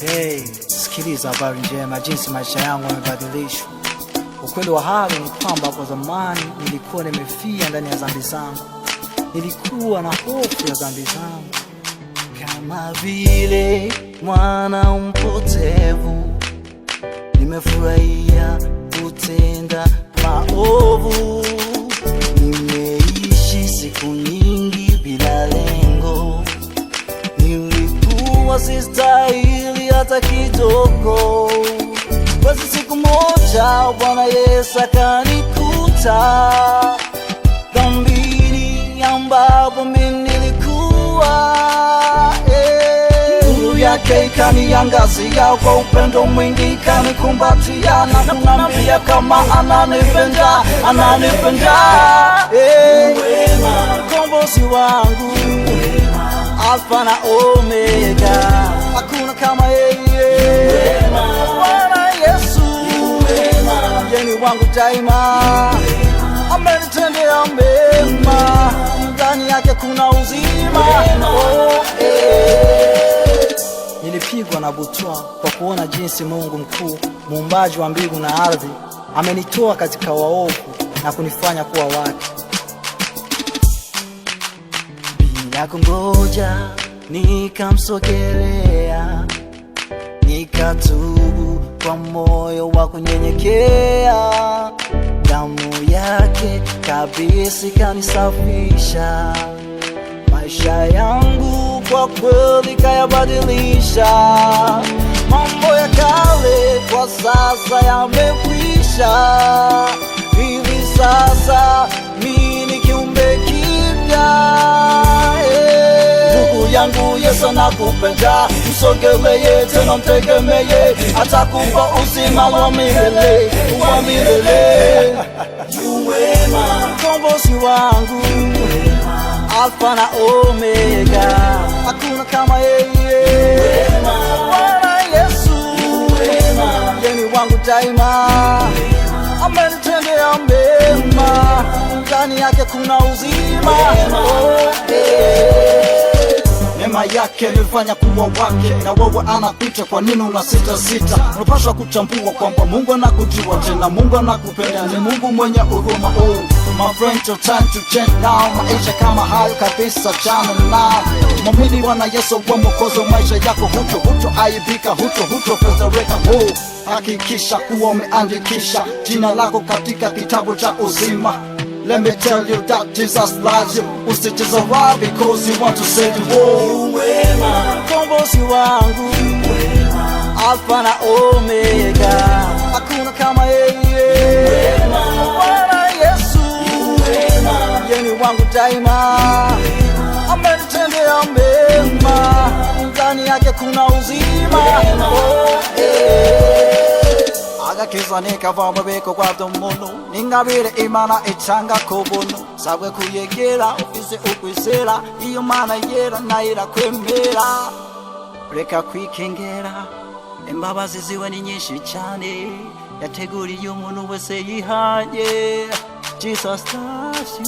Hey, sikiliza habari njema, jinsi maisha yangu yamebadilishwa. Ukweli wa hali ni kwamba kwa zamani nilikuwa nimefia ndani ya dhambi zangu, nilikuwa na hofu ya dhambi zangu, kama vile mwana mpotevu. Nimefurahia kutenda maovu kama sistahili hata kidogo. Basi siku moja Bwana Yesu akanikuta dhambini ambapo mimi nilikuwa eh, yake ikaniangazia kwa upendo mwingi, ikanikumbatia na kunambia kama ananipenda, ananipenda. Hey, eh, Mkombozi wangu Alfa na Omega, hakuna kama yeye Bwana Yesu, mgeni wangu daima, amenitendea mema, ndani yake kuna uzima oh, eh. Nilipigwa na butwa kwa kuona jinsi Mungu mkuu muumbaji wa mbingu na ardhi amenitoa katika waovu na kunifanya kuwa wake. Nakungoja nikamsogelea, nikatubu kwa moyo wa kunyenyekea. Damu yake kabisa kanisafisha, maisha yangu kwa kweli kayabadilisha. Mambo ya kale kwa sasa yamekwisha, hivi sasa yangu Yesu nakupenda, msogelee tena mtegemee, atakupa uzima wa milele wa milele. mkombozi wangu, Alfa na Omega, hakuna kama yeye. Bwana Yesu yeni wangu daima, amenitendea mema, ndani yake kuna uzima. Neema yake amefanya kuwa wake, na wewe anapita. Kwa nini una sita sita? Unapaswa kuchambua kwamba Mungu anakujua, tena Mungu anakupenda, ni Mungu mwenye huruma. Oh my friend, your time to change now. Maisha kama hayo kabisa, chana na Mwamini Bwana Yesu kwa Mwokozi maisha yako, huto huto aibika, huto huto fezereka. Oh, hakikisha kuwa umeandikisha jina lako katika kitabu cha uzima. Let me tell you that Jesus loves you Usije why? because he want to save the world Mwema na Omega akuna kama yeye Mwema Bwana Yesu Mwema Yeye wangu daima Amenitendea mema Ndani yake kuna uzima Oh, yeah. agakiza nikava mu bikorwa by'umuntu n'ingabire imana icanga ku buntu sabwe kuyegera ufise ukwisera iyo mana yera nayo irakwemera reka kwikengera imbabazi ziwe ni nyinshi cyane yateguriye umuntu wese yihaye jesus loves